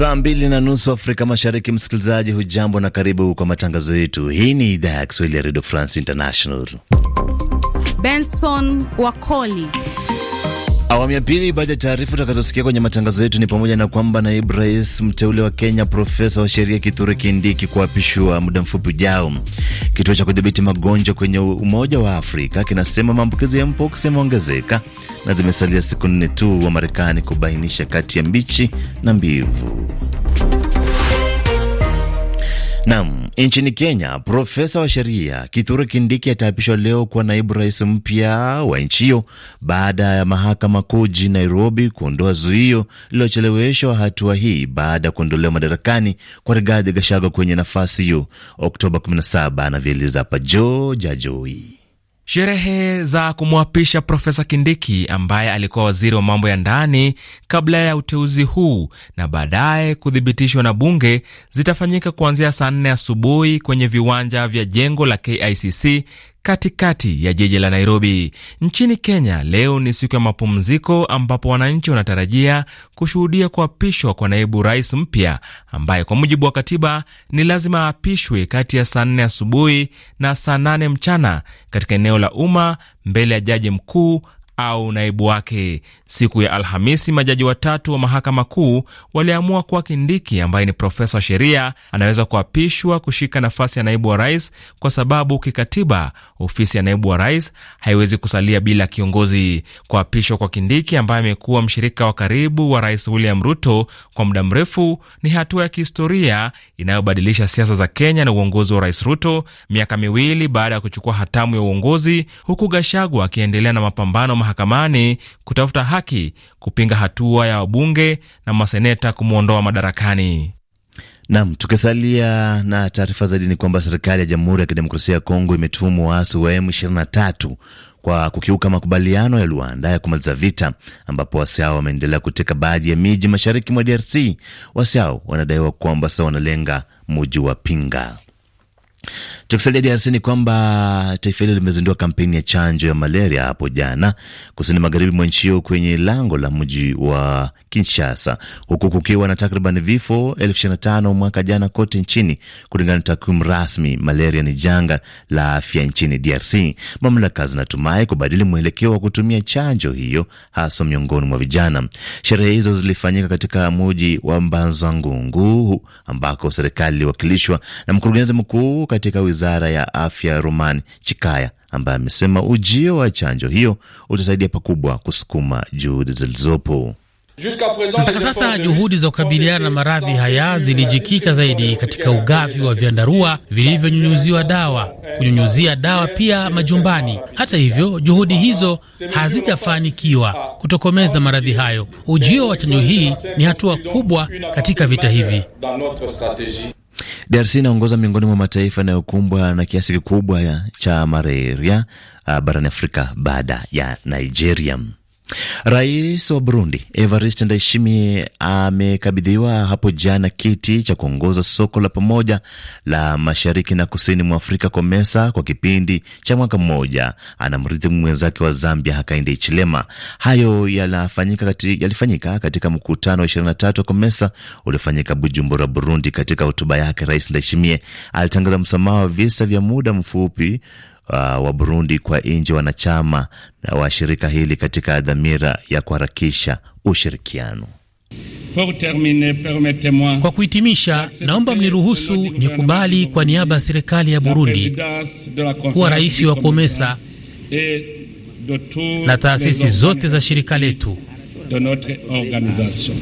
Saa mbili na nusu Afrika Mashariki. Msikilizaji hujambo na karibu kwa matangazo yetu. Hii ni idhaa ya Kiswahili ya redio France International. Benson Wakoli Awamu ya pili. Baada ya taarifa utakazosikia kwenye matangazo yetu ni pamoja na kwamba naibu rais mteule wa Kenya profesa wa sheria Kithure Kindiki kuapishwa muda mfupi ujao. Kituo cha kudhibiti magonjwa kwenye Umoja wa Afrika kinasema maambukizi ya mpox yameongezeka na zimesalia siku nne tu wa Marekani kubainisha kati ya mbichi na mbivu. Nam, nchini Kenya, profesa wa sheria Kithure Kindiki ataapishwa leo kuwa naibu rais mpya wa nchi hiyo baada ya mahakama kuu jijini Nairobi kuondoa zuio lililocheleweshwa hatua hii baada ya kuondolewa madarakani kwa Rigathi Gachagua kwenye nafasi hiyo Oktoba 17, anavyoeleza hapa Joe Jajoi. Sherehe za kumwapisha Profesa Kindiki ambaye alikuwa waziri wa mambo ya ndani kabla ya uteuzi huu na baadaye kuthibitishwa na bunge zitafanyika kuanzia saa nne asubuhi kwenye viwanja vya jengo la KICC katikati ya jiji la Nairobi nchini Kenya. Leo ni siku ya mapumziko ambapo wananchi wanatarajia kushuhudia kuapishwa kwa naibu rais mpya ambaye kwa mujibu wa katiba ni lazima aapishwe kati ya saa nne asubuhi na saa nane mchana katika eneo la umma mbele ya jaji mkuu au naibu wake. Siku ya Alhamisi, majaji watatu wa mahakama kuu waliamua kuwa Kindiki ambaye ni profesa wa sheria anaweza kuapishwa kushika nafasi ya naibu wa rais, kwa sababu kikatiba ofisi ya naibu wa rais haiwezi kusalia bila kiongozi. Kuapishwa kwa Kindiki ambaye amekuwa mshirika wa karibu wa rais William Ruto kwa muda mrefu ni hatua ya kihistoria inayobadilisha siasa za Kenya na uongozi wa rais Ruto miaka miwili baada ya kuchukua hatamu ya uongozi, huku Gashagwa akiendelea na mapambano mahakamani kutafuta haki kupinga hatua ya wabunge na maseneta kumwondoa madarakani. Nam, tukisalia na taarifa zaidi ni kwamba serikali ya Jamhuri ya Kidemokrasia ya Kongo imetuhumu waasi wa M23 kwa kukiuka makubaliano ya Luanda ya kumaliza vita, ambapo waasi hao wameendelea kuteka baadhi ya miji mashariki mwa DRC. Waasi hao wanadaiwa kwamba sasa wanalenga muji wa Pinga. Tukisalia DRC ni kwamba taifa hilo limezindua kampeni ya chanjo ya malaria hapo jana kusini magharibi mwa nchi hiyo kwenye lango la mji wa Kinshasa, huku kukiwa na takriban vifo elfu ishirini na tano mwaka jana kote nchini, kulingana na takwimu rasmi. Malaria ni janga la afya nchini DRC. Mamlaka zinatumai kubadili mwelekeo wa kutumia chanjo hiyo, haswa miongoni mwa vijana. Sherehe hizo zilifanyika katika mji wa Mbanza Ngungu ambako serikali iliwakilishwa na mkurugenzi mkuu katika wizara ya afya roman Chikaya ambaye amesema ujio wa chanjo hiyo utasaidia pakubwa kusukuma juhudi zilizopo. Mpaka sasa juhudi za kukabiliana na maradhi haya zilijikita zaidi katika ugavi wa vyandarua vilivyonyunyuziwa dawa, kunyunyuzia dawa pia majumbani. Hata hivyo, juhudi hizo hazijafanikiwa kutokomeza maradhi hayo. Ujio wa chanjo hii ni hatua kubwa katika vita hivi. DRC inaongoza miongoni mwa mataifa yanayokumbwa na kiasi kikubwa cha malaria ah, barani Afrika baada ya Nigeria. Rais wa Burundi Evariste Ndayishimiye amekabidhiwa hapo jana kiti cha kuongoza soko la pamoja la mashariki na kusini mwa Afrika COMESA kwa kipindi cha mwaka mmoja. Anamrithi mwenzake wa Zambia Hakainde Hichilema. Hayo yalifanyika katika, yalifanyika katika mkutano wa 23 wa COMESA uliofanyika Bujumbura, Burundi. Katika hotuba yake, Rais Ndayishimiye alitangaza msamaha wa visa vya muda mfupi uh, wa Burundi kwa nje wanachama na wa shirika hili katika dhamira ya kuharakisha ushirikiano. Kwa kuhitimisha, naomba mniruhusu nikubali kwa niaba ya serikali ya Burundi kuwa rais wa COMESA na taasisi zote za shirika letu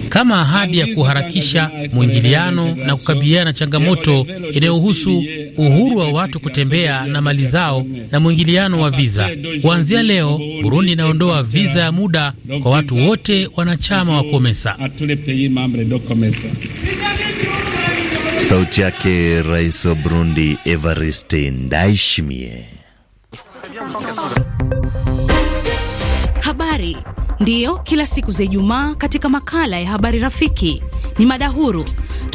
kama ahadi ya kuharakisha mwingiliano na kukabiliana na changamoto inayohusu uhuru wa watu kutembea na mali zao na mwingiliano wa viza. Kuanzia leo, Burundi inaondoa viza ya muda kwa watu wote wanachama wa COMESA. Sauti yake Rais wa Burundi Evariste Ndayishimiye. Habari ndiyo kila siku za Ijumaa katika makala ya habari rafiki ni mada huru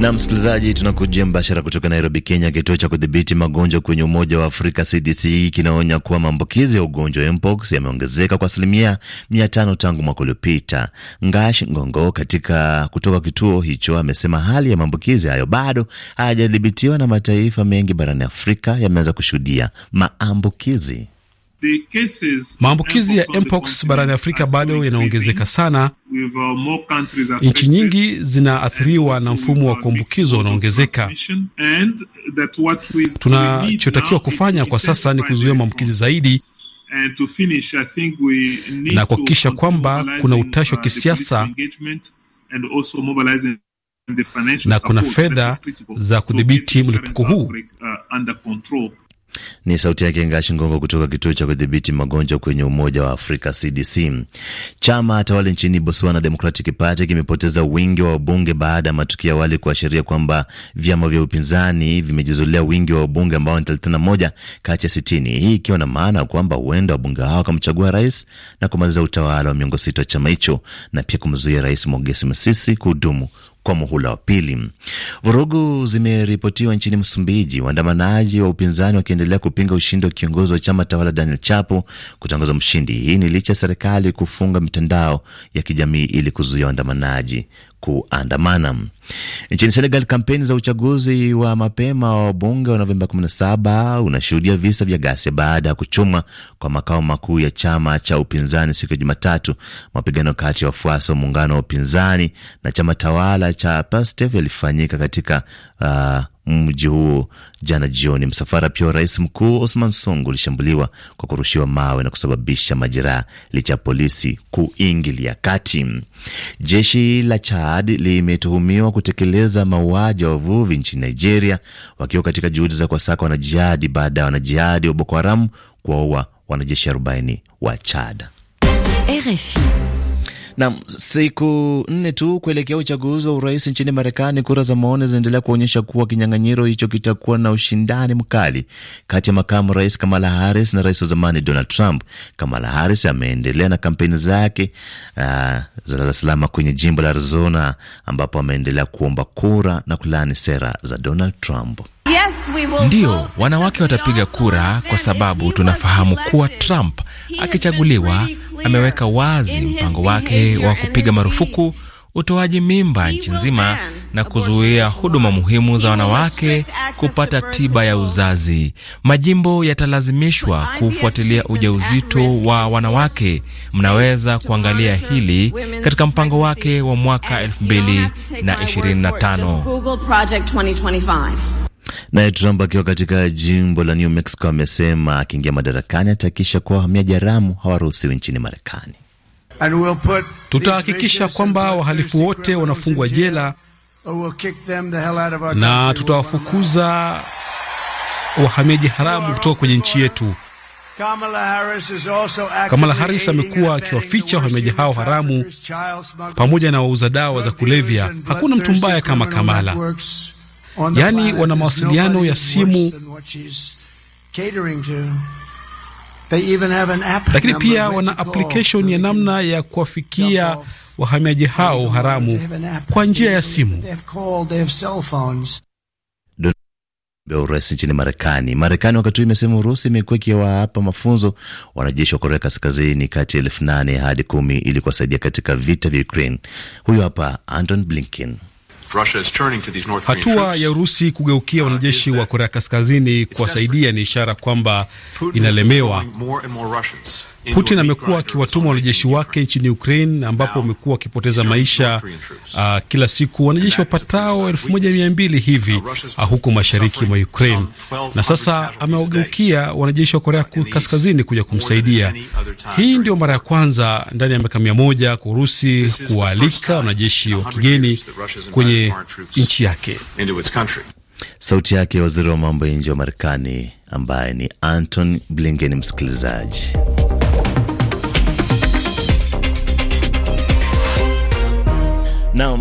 Na msikilizaji, tunakujia mbashara kutoka Nairobi, Kenya. Kituo cha kudhibiti magonjwa kwenye Umoja wa Afrika CDC kinaonya kuwa maambukizi ya ugonjwa wa mpox yameongezeka kwa asilimia mia tano tangu mwaka uliopita. Ngash Ngongo katika kutoka kituo hicho amesema hali ya maambukizi hayo bado hayajadhibitiwa na mataifa mengi barani Afrika yameanza kushuhudia maambukizi Maambukizi ya mpox barani Afrika bado yanaongezeka sana. Uh, Nchi nyingi zinaathiriwa na mfumo wa uh, kuambukizwa unaongezeka. Tunachotakiwa kufanya kwa sasa ni kuzuia maambukizi zaidi na kuhakikisha kwamba kuna uh, utashi wa kisiasa na kuna fedha za kudhibiti mlipuko huu. Ni sauti yake Ngashi Ngongo kutoka kituo cha kudhibiti magonjwa kwenye Umoja wa Afrika, CDC. Chama tawala nchini Botswana Democratic Party kimepoteza wingi wa wabunge baada ya matukio awali kuashiria kwamba vyama vya upinzani vimejizolea wingi wa wabunge ambao ni 31 kati ya 60, hii ikiwa na maana kwamba huenda wabunge hao wakamchagua rais na kumaliza utawala wa miongo sita wa chama hicho na pia kumzuia Rais Mogesi msisi kuhudumu kwa muhula wa pili. Vurugu zimeripotiwa nchini Msumbiji, waandamanaji wa upinzani wakiendelea kupinga ushindi wa kiongozi wa chama tawala Daniel Chapo kutangaza mshindi. Hii ni licha ya serikali kufunga mitandao ya kijamii ili kuzuia waandamanaji kuandamana. Nchini Senegal, kampeni za uchaguzi wa mapema wa wabunge wa Novemba 17 unashuhudia visa vya ghasia baada ya kuchuma kwa makao makuu ya chama cha upinzani siku ya Jumatatu. Mapigano kati ya wafuasi wa muungano wa upinzani na chama tawala cha Pastef yalifanyika katika uh, mji huo jana jioni. Msafara pia wa rais mkuu Osman Songo ulishambuliwa kwa kurushiwa mawe na kusababisha majeraha licha ya polisi kuingilia kati. Jeshi la Chad limetuhumiwa kutekeleza mauaji ya wavuvi nchini Nigeria wakiwa katika juhudi za kuwasaka wanajihadi baada ya wanajihadi wa Boko Haramu kuwaua wanajeshi 40 wa Chad. RFI. Na siku nne tu kuelekea uchaguzi wa urais nchini Marekani, kura za maoni zinaendelea kuonyesha kuwa kinyang'anyiro hicho kitakuwa na ushindani mkali kati ya makamu rais Kamala Harris na rais wa zamani Donald Trump. Kamala Harris ameendelea na kampeni zake uh, za Dar es Salaam kwenye jimbo la Arizona, ambapo ameendelea kuomba kura na kulaani sera za Donald Trump. Yes, ndiyo wanawake watapiga kura kwa sababu tunafahamu kuwa Trump akichaguliwa ameweka wazi mpango wake wa kupiga marufuku utoaji mimba nchi nzima na kuzuia huduma muhimu za wanawake kupata tiba ya uzazi. Majimbo yatalazimishwa kufuatilia ujauzito wa wanawake. Mnaweza kuangalia hili katika mpango wake wa mwaka 2025. Naye Trump akiwa katika jimbo la New Mexico amesema akiingia madarakani atahakikisha kuwa wahamiaji haramu hawaruhusiwi nchini Marekani. We'll tutahakikisha kwamba wahalifu wote wanafungwa jela na tutawafukuza wahamiaji haramu kutoka kwenye nchi yetu. Kamala Harris amekuwa akiwaficha wahamiaji hao haramu pamoja na wauza dawa za kulevya. Hakuna mtu mbaya kama Kamala yaani wana mawasiliano ya simu, lakini pia wana application ya namna ya kuwafikia wahamiaji hao haramu kwa njia ya simu. Urusi nchini Marekani. Marekani wakati huu imesema Urusi imekuwa ikiwapa mafunzo wanajeshi wa Korea Kaskazini kati ya elfu nane hadi kumi ili kuwasaidia katika vita vya Ukraine. Huyu hapa Anton Blinken. Hatua ya Urusi kugeukia uh, wanajeshi wa Korea Kaskazini kuwasaidia ni ishara kwamba inalemewa. Putin amekuwa akiwatuma wanajeshi wake nchini Ukraine ambapo wamekuwa wakipoteza maisha uh, kila siku wanajeshi wapatao elfu moja mia mbili hivi uh, huko mashariki mwa Ukraine, na sasa amewageukia wanajeshi wa Korea Kaskazini kuja kumsaidia. Hii ndio mara ya kwanza ndani ya miaka mia moja kwa Urusi kuwaalika wanajeshi wa kigeni kwenye nchi yake. Sauti yake waziri wa mambo ya nje wa Marekani ambaye ni Anton Blinken, msikilizaji. Now